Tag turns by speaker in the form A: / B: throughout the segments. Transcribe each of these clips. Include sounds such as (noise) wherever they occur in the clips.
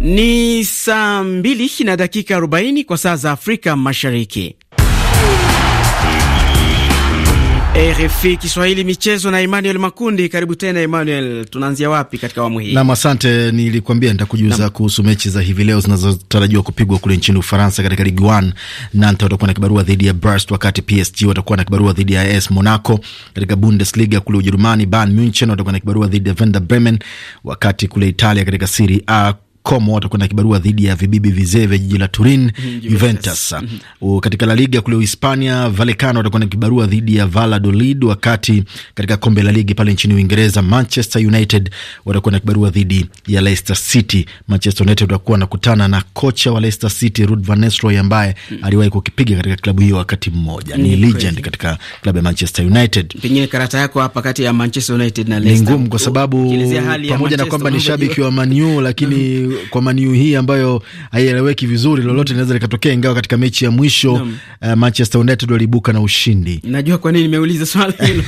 A: Ni saa mbili na dakika arobaini kwa saa za Afrika Mashariki. RFI Kiswahili michezo na Emmanuel Makundi. Karibu tena Emmanuel, tunaanzia wapi katika awamu hii? Nam,
B: asante. Nilikuambia nitakujuza kuhusu mechi za hivi leo zinazotarajiwa kupigwa kule nchini Ufaransa katika Ligue 1. Nantes watakuwa na kibarua dhidi ya Brest, wakati PSG watakuwa na kibarua dhidi ya AS Monaco. Katika Bundesliga kule Ujerumani, Bayern Munchen watakuwa na kibarua dhidi ya Werder Bremen, wakati kule Italia katika Serie A Como watakwenda kibarua dhidi ya vibibi vizee vya jiji la Turin, mm-hmm. Juventus. Mm-hmm. Katika La Liga kule Uhispania, Vallecano watakwenda kibarua dhidi ya Valladolid, wakati katika kombe la ligi pale nchini Uingereza, Manchester United watakwenda kibarua dhidi ya Leicester City. Manchester United watakuwa wanakutana na kocha wa Leicester City Ruud van Nistelrooy ambaye mm. aliwahi kukipiga katika klabu hiyo wakati mmoja, mm, ni legend crazy. katika klabu ya Manchester United.
A: Pengine karata yako hapa kati ya Manchester United na Leicester ni ngumu, kwa sababu pamoja na kwamba ni shabiki wa Man U lakini mm-hmm
B: kwa maniu hii ambayo haieleweki vizuri, lolote linaweza likatokea, ingawa katika mechi ya mwisho uh, Manchester United waliibuka na ushindi.
A: Najua kwa nini nimeuliza swali (laughs) hilo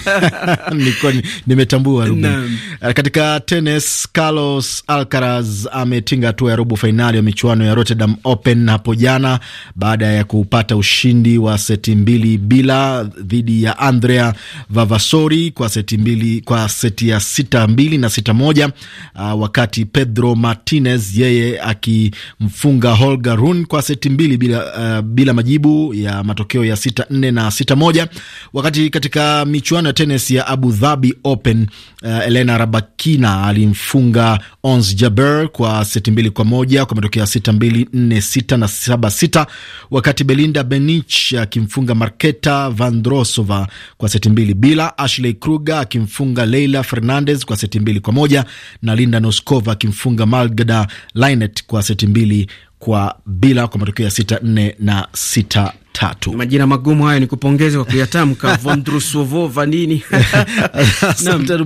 B: nimetambua. Uh, katika tennis Carlos Alcaraz ametinga hatua ya robo fainali ya michuano ya Rotterdam Open hapo jana baada ya kupata ushindi wa seti mbili bila dhidi ya Andrea Vavasori kwa seti mbili, kwa seti ya sita mbili na sita moja, uh, wakati Pedro Martinez yeye akimfunga Holger Rune kwa seti mbili bila, uh, bila majibu ya matokeo ya sita nne na sita moja. Wakati katika michuano ya tenis ya Abu Dhabi Open, uh, Elena Rabakina alimfunga Ons Jabeur kwa seti mbili kwa moja kwa matokeo ya sita mbili nne sita na saba sita, wakati Belinda benich akimfunga Marketa Vandrosova kwa seti mbili bila, Ashley Kruger akimfunga Leila Fernandez kwa seti mbili kwa moja na Linda Noskova akimfunga Malgada linet kwa seti mbili kwa bila kwa matokeo ya sita nne na sita tatu.
A: Majina magumu hayo, ni kupongeza kwa kuyatamka (laughs) Vondrusovova nini? (laughs)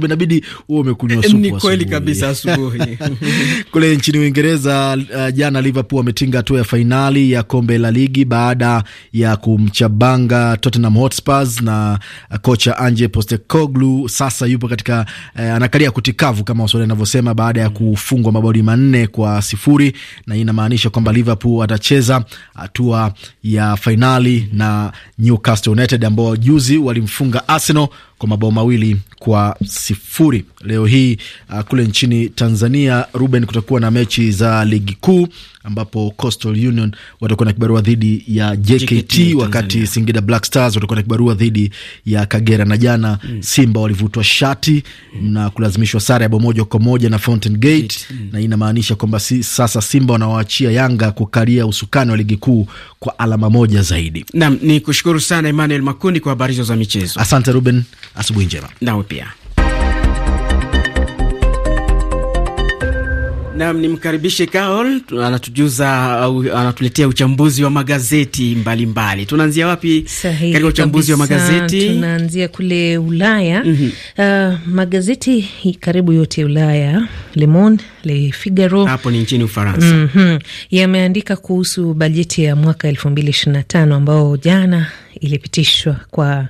A: Inabidi huo umekunywa supu. Ni kweli kabisa, asubuhi (laughs) kule nchini
B: Uingereza. Uh, jana Liverpool ametinga hatua ya fainali ya kombe la ligi baada ya kumchabanga Tottenham Hotspurs, na kocha Ange Postecoglou sasa yupo katika uh, anakalia kutikavu kama Waswahili anavyosema, baada ya kufungwa mabao manne kwa sifuri, na hii inamaanisha kwamba Liverpool atacheza hatua ya fainali Arsenali na Newcastle United ambao juzi walimfunga Arsenal kwa mabao mawili kwa sifuri. Leo hii uh, kule nchini Tanzania, Ruben, kutakuwa na mechi za ligi kuu ambapo Coastal Union watakuwa na kibarua dhidi ya JKT, JKT wakati Singida Black Stars watakuwa na kibarua dhidi ya Kagera, na jana mm. Simba walivutwa shati mm. na kulazimishwa sare ya bao moja kwa moja na Fountain Gate mm. na hii inamaanisha kwamba si, sasa Simba wanawaachia Yanga kukalia usukani wa ligi kuu kwa alama moja zaidi.
A: Naam, ni kushukuru sana Emmanuel Makundi kwa habari hizo za michezo. Asante Ruben. Asubuhi njema nawe pia. Nam ni mkaribishe Carol, anatujuza anatuletea uchambuzi wa magazeti mbalimbali. Tunaanzia wapi katika uchambuzi wa magazeti?
C: Tunaanzia kule Ulaya. mm -hmm. Uh, magazeti karibu yote ya Ulaya, Le Monde, Le Figaro, hapo ni nchini Ufaransa. mm -hmm. yameandika kuhusu bajeti ya mwaka elfu mbili ishirini na tano ambao jana ilipitishwa kwa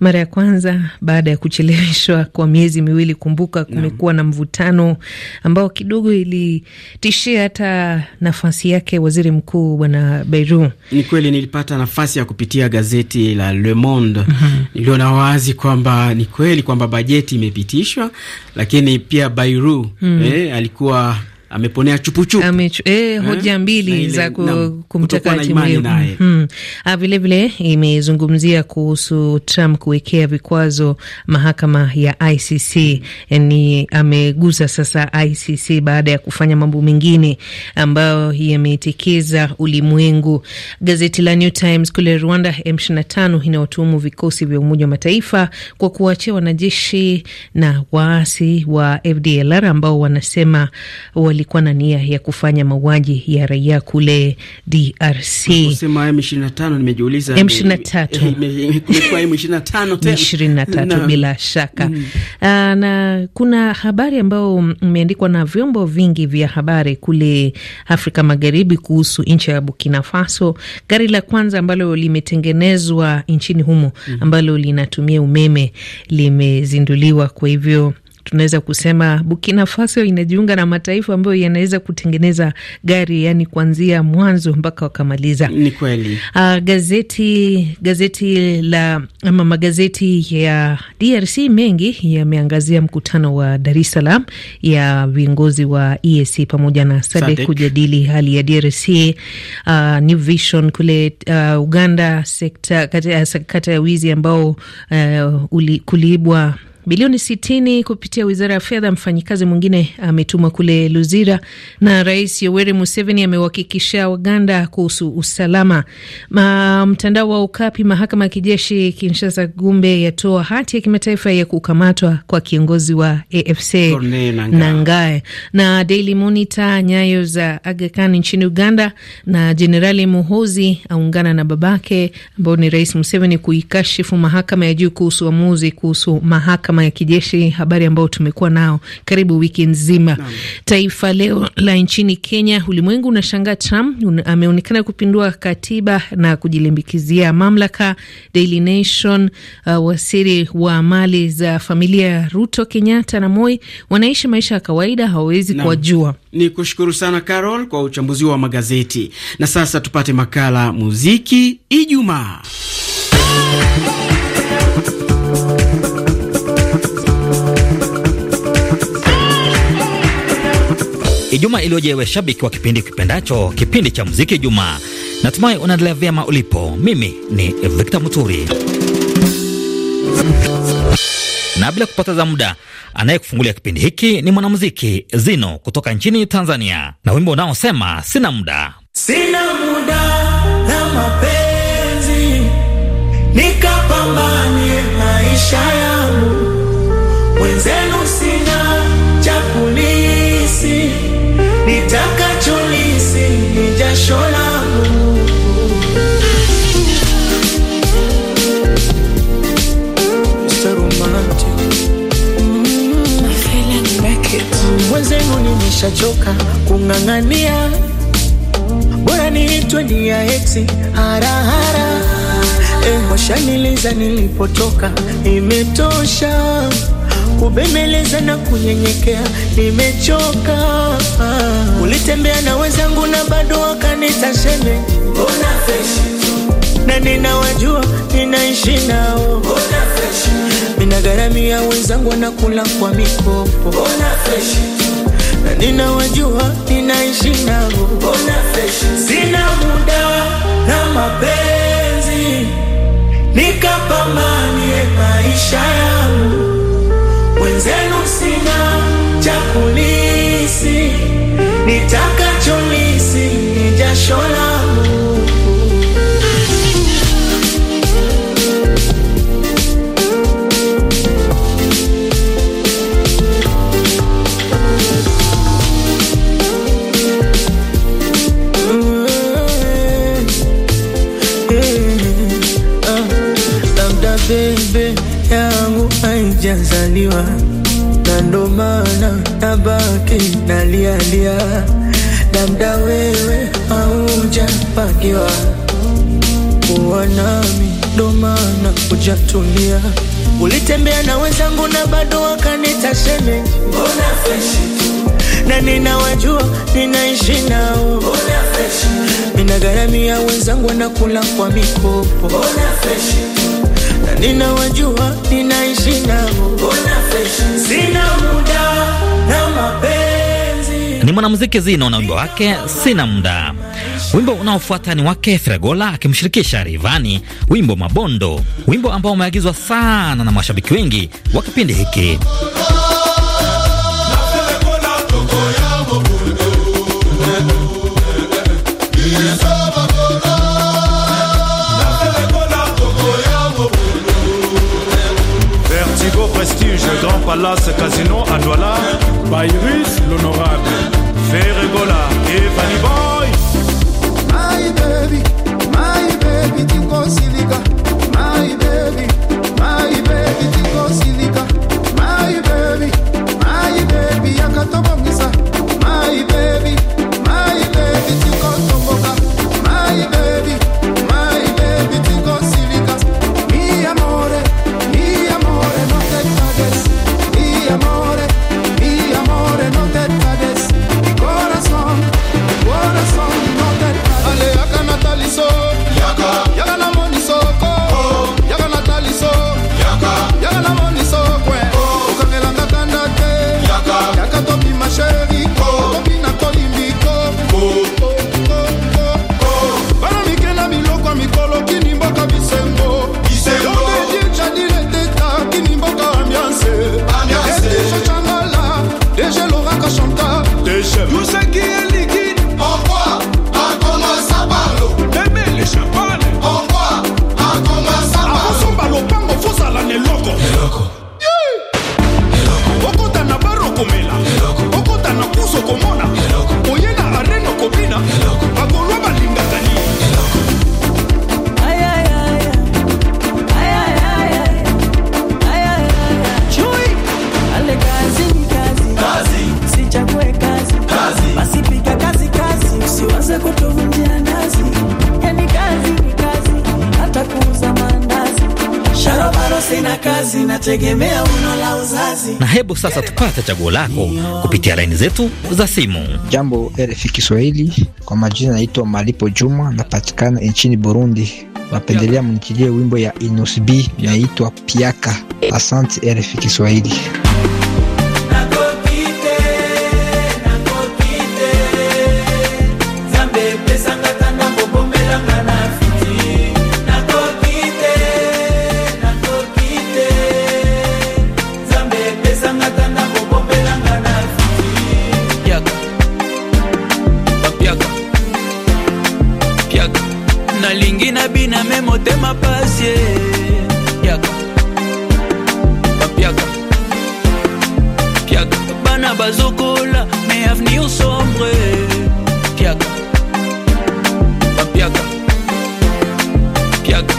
C: mara ya kwanza baada ya kucheleweshwa kwa miezi miwili. Kumbuka kumekuwa na mvutano ambao kidogo ilitishia hata nafasi yake waziri mkuu bwana Bayrou.
A: Ni kweli nilipata nafasi ya kupitia gazeti la Le Monde mm -hmm. Niliona wazi kwamba ni kweli kwamba bajeti imepitishwa, lakini pia Bayrou mm -hmm. eh, alikuwa ameponea chupuchupu
C: Amechu, eh, eh? hoja eh, mbili za ku, kumtaka naye hmm. ah, vile vile imezungumzia kuhusu Trump kuwekea vikwazo mahakama ya ICC, yani eh, ameguza sasa ICC baada ya kufanya mambo mengine ambayo yameitikisa ulimwengu. Gazeti la New Times kule Rwanda M25 inaotuhumu vikosi vya Umoja wa Mataifa kwa kuwaachia wanajeshi na waasi wa FDLR ambao wanasema wali walikuwa na nia ya kufanya mauaji ya raia kule DRC.
A: Kusema M23 nimejiuliza M23 eh, eh, eh, (laughs) bila
C: shaka mm. Aa, ah, na kuna habari ambayo imeandikwa na vyombo vingi vya habari kule Afrika Magharibi kuhusu nchi ya Burkina Faso. Gari la kwanza ambalo limetengenezwa nchini humo mm. ambalo linatumia umeme limezinduliwa, kwa hivyo tunaweza kusema Burkina Faso inajiunga na mataifa ambayo yanaweza kutengeneza gari, yani kuanzia mwanzo mpaka wakamaliza. Ni kweli. Uh, gazeti gazeti la ama magazeti ya DRC mengi yameangazia mkutano wa Dar es Salaam ya viongozi wa EAC pamoja na SADC kujadili hali ya DRC. Uh, ah, New Vision kule uh, Uganda sekta kata, kata ya wizi ambao uh, kuliibwa bilioni sitini kupitia wizara ya fedha. Mfanyikazi mwingine ametumwa kule Luzira. Na Rais Yoweri Museveni amewahakikishia Waganda kuhusu usalama. Ma, mtandao wa Ukapi, mahakama ya kijeshi Kinshasa Gumbe yatoa hati ya kimataifa ya kukamatwa kwa kiongozi wa AFC Nangae. Na Daily Monitor, nyayo za Aga Khan nchini Uganda, na Jenerali Muhozi aungana na babake ambao ni Rais Museveni kuikashifu mahakama ya juu kuhusu uamuzi kuhusu mahakama mahakama ya kijeshi, habari ambayo tumekuwa nao karibu wiki nzima. Taifa Leo la nchini Kenya, ulimwengu unashangaa Trump un, ameonekana kupindua katiba na kujilimbikizia mamlaka. Daily Nation, uh, wasiri wa mali za familia Ruto, Kenyatta na Moi wanaishi maisha ya kawaida, hawawezi kuwajua.
A: Ni kushukuru sana Carol kwa uchambuzi wa magazeti, na sasa tupate makala muziki Ijumaa.
D: Ijumaa iliyojewe shabiki wa kipindi kipendacho, kipindi cha muziki Ijumaa. Natumai unaendelea vyema ulipo. Mimi ni Victor Muturi na bila kupoteza muda, anayekufungulia kipindi hiki ni mwanamuziki Zino kutoka nchini Tanzania na wimbo unaosema sina muda,
E: sina muda na mapenzi nikapambani Nishachoka kung'ang'ania, bora niitwe ni ya eti harahara. Eh, washaniliza nilipotoka, imetosha kubemeleza na kunyenyekea, nimechoka. Ulitembea na wenzangu na bado wakanita sheme, mbona fresh na ninawajua ninaishi nao, minagaramia wenzangu wanakula kwa mikopo ninawajua, ninaishi nao, sina muda na mapenzi, nikapambanie maisha yangu, wenzenu sina cha kulisi, nitakacholisi ni jasho langu sijazaliwa na ndo maana nabaki nalialia, labda wewe haujapangiwa kuwa nami, ndo maana hujatulia. Ulitembea na wenzangu na bado wakanita shemeji, mbona tu na ninawajua ninaishi nao, ninagharamia wenzangu wanakula kwa mikopo, mbona tu na ninawajua, ninaishi nao, sina muda na
D: mapenzi. Ni mwanamuziki Zino na wimbo wake sina muda. Wimbo unaofuata ni wake Fregola akimshirikisha Rivani, wimbo Mabondo, wimbo ambao umeagizwa sana na mashabiki wengi wa kipindi hiki.
E: Contigo Prestige, Grand Palace, Casino à Douala, Bayrus, l'honorable, Ferregola et Fanny Boy. My baby, my baby, Tingo Silica. My baby, my baby, Tingo Silica. My baby, my baby, Yakatobongisa. My baby. tegemea uno la uzazi. Na
D: hebu sasa tupate chaguo lako kupitia laini zetu za simu. Jambo RFI Kiswahili, kwa majina naitwa Malipo Juma, napatikana nchini Burundi. Napendelea mnichilie wimbo ya inosb naitwa Piaka. Asante RFI Kiswahili.
F: pas au cola, mais avenir sombre. Piaga, piaga, piaga.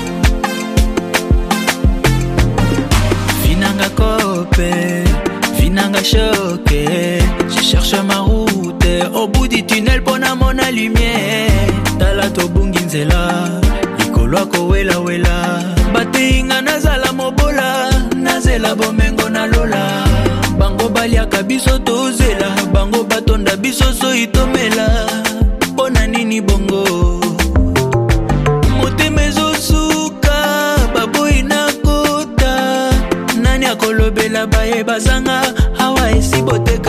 F: Vinanga copé, vinanga Je cherche ma route au bout du tunnel pour mon lumière. Talato bunginzela, ikolo wela wela. Batinga nazala mobola, nazela bomengo na lola. bango baliaka bisoso itomela mpo na nini bongo motema ezosuka baboyi na kota nani akolobela baye bazanga awa esi boteka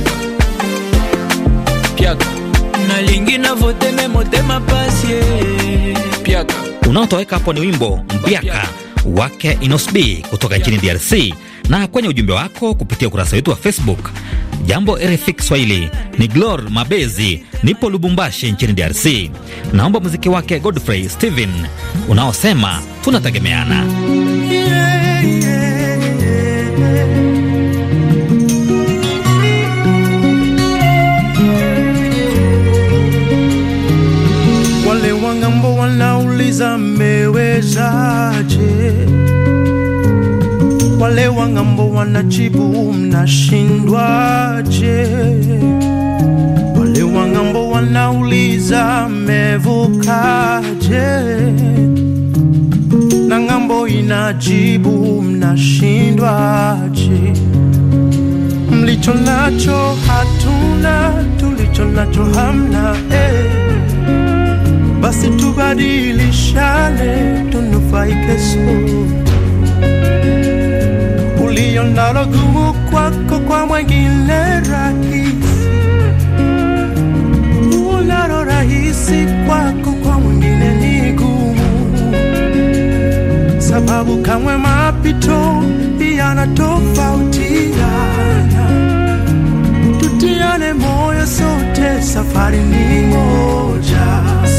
F: piaka piaka nalingi voteme motema pasie piaka.
D: Unaotoweka hapo ni wimbo mbiaka wake Inosbi kutoka nchini DRC. Na kwenye ujumbe wako kupitia ukurasa wetu wa Facebook, jambo RFI Kiswahili, ni Glor Mabezi, nipo Lubumbashi nchini DRC. Naomba muziki wake Godfrey Steven unaosema tunategemeana, yeah.
E: wa ng'ambo wanauliza mmewezaje? Wale wa ng'ambo wanajibu mnashindwaje? Wale wa ng'ambo wanauliza mmevukaje? Na ng'ambo inajibu mnashindwaje? Mlicho nacho hatuna, tulicho nacho hamna eh basi tubadilishane, tunufaike sote. Ulio nalo gumu kwako, kwa mwengine rahisi. Unalo rahisi kwako, kwa mwengine ni gumu, sababu kamwe mapito yanatofautiana. Tutiane moyo sote, safari ni moja.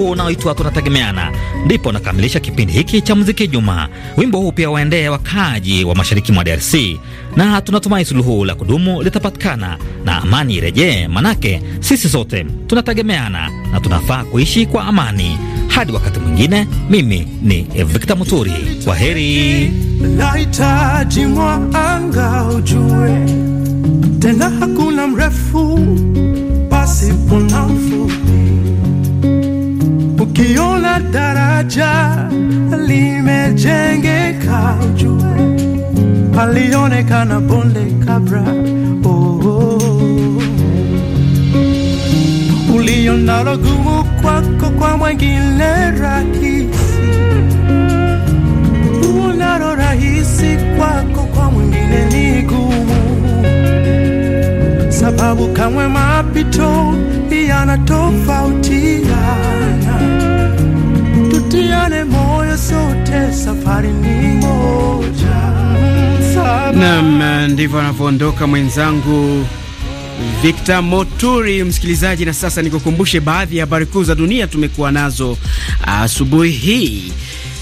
D: huo unaoitwa tunategemeana. Ndipo nakamilisha kipindi hiki cha muziki juma. Wimbo huu pia waendee wakaaji wa mashariki mwa DRC, na tunatumai suluhu la kudumu litapatikana na amani irejee, manake sisi sote tunategemeana na tunafaa kuishi kwa amani. Hadi wakati mwingine, mimi ni Victor Muturi, kwa heri.
E: Nahitaji mwanga ujue, tena hakuna mrefu ukiona daraja limejengeka juu, alionekana bonde kabra Oh, oh, oh. Ulionalo gumu kwako kwa mwengine rahisi, unalo rahisi kwako kwa sababu kamwe mapito yanatofautiana. Tutiane moyo sote, safari ni moja. Nam,
A: ndivyo anavyoondoka mwenzangu Victor Moturi, msikilizaji. Na sasa nikukumbushe baadhi ya habari kuu za dunia tumekuwa nazo asubuhi hii.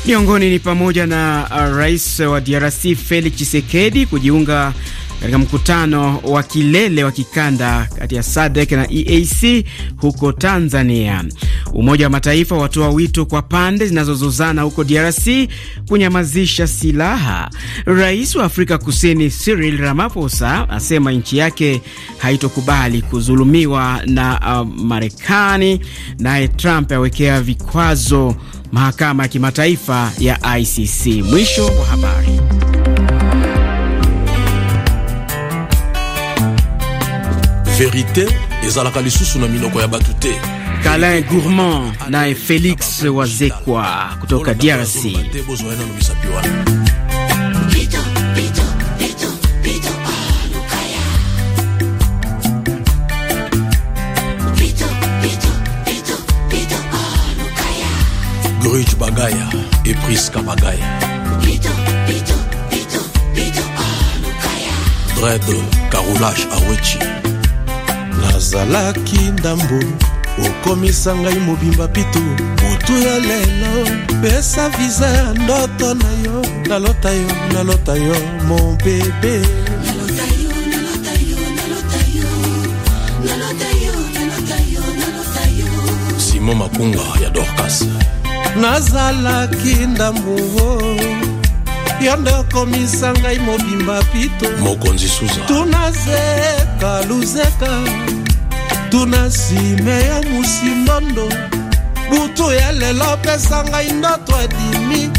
A: Miongoni ni pamoja na rais wa DRC Felix Tshisekedi kujiunga katika mkutano wa kilele wa kikanda kati ya SADC na EAC huko Tanzania. Umoja wa Mataifa watoa wito kwa pande zinazozozana huko DRC kunyamazisha silaha. Rais wa Afrika Kusini Cyril Ramaphosa asema nchi yake haitokubali kuzulumiwa na uh, Marekani. Naye Trump awekea vikwazo mahakama ya kimataifa ya ICC. Mwisho wa habari.
B: vérité ezalaka lisusu na minoko ya bato
A: te Kalin Gourmand naye félix Wazekwa kutoka DRC.
F: grut Bagaya et Priska
B: Bagaya. Dread Carolage Awechi. nazalaki
E: ndambo okomisa ngai mobimba pito butu ya lelo pesa viza ya ndoto na yo nalota yo nalota yo mon bebe
B: makunga ya dorkas
E: nazalaki ndambo oh. yo nde okomisa ngai mobimba pito
B: mokonzi suza
E: tunazeka luzeka butu na nsime ya mosindondo butu ya lelo pesa ngai ndoto adimi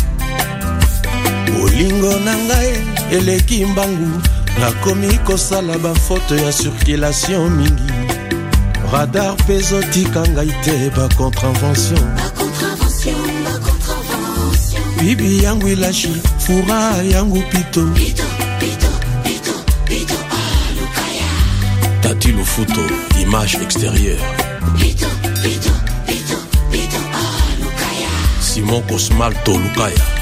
E: bolingo na ngai eleki mbangu nakomi kosala bafoto ya circulation mingi radar mpe ezotika ngai te bacontre-invention bibi yangu ilashi fura yangu pito, pito.
B: Tati Loufouto, image extérieure. Pito, Pito, Pito, Pito, ah, oh, Lucaya. Simon Cosmal, Tolucaya.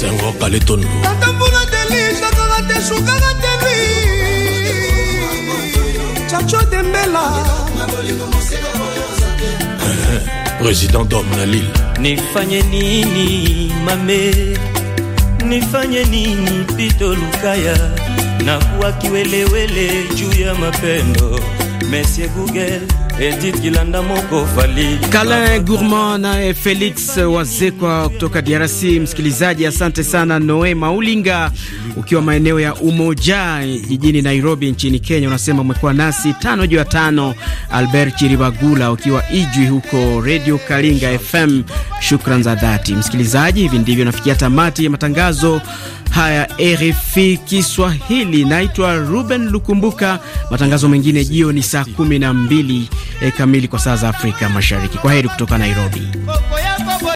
B: C'est un tatambula
E: deli te
B: président d'homme na lile
F: nifanye nini mame nifanye nini pito lukaya mapendo google Kalin
A: Gourmand naye Felix Wazekwa kutoka DRC. Msikilizaji, asante sana Noe Maulinga, ukiwa maeneo ya Umoja jijini Nairobi nchini Kenya, unasema umekuwa nasi tano juu ya tano. Albert Chiribagula ukiwa Ijwi huko Radio Kalinga FM, shukran za dhati. Msikilizaji, hivi ndivyo nafikia tamati ya matangazo haya RFI Kiswahili. Naitwa Ruben Lukumbuka. Matangazo mengine jioni saa 12 e, eh, kamili kwa saa za Afrika Mashariki. Kwa heri kutoka Nairobi.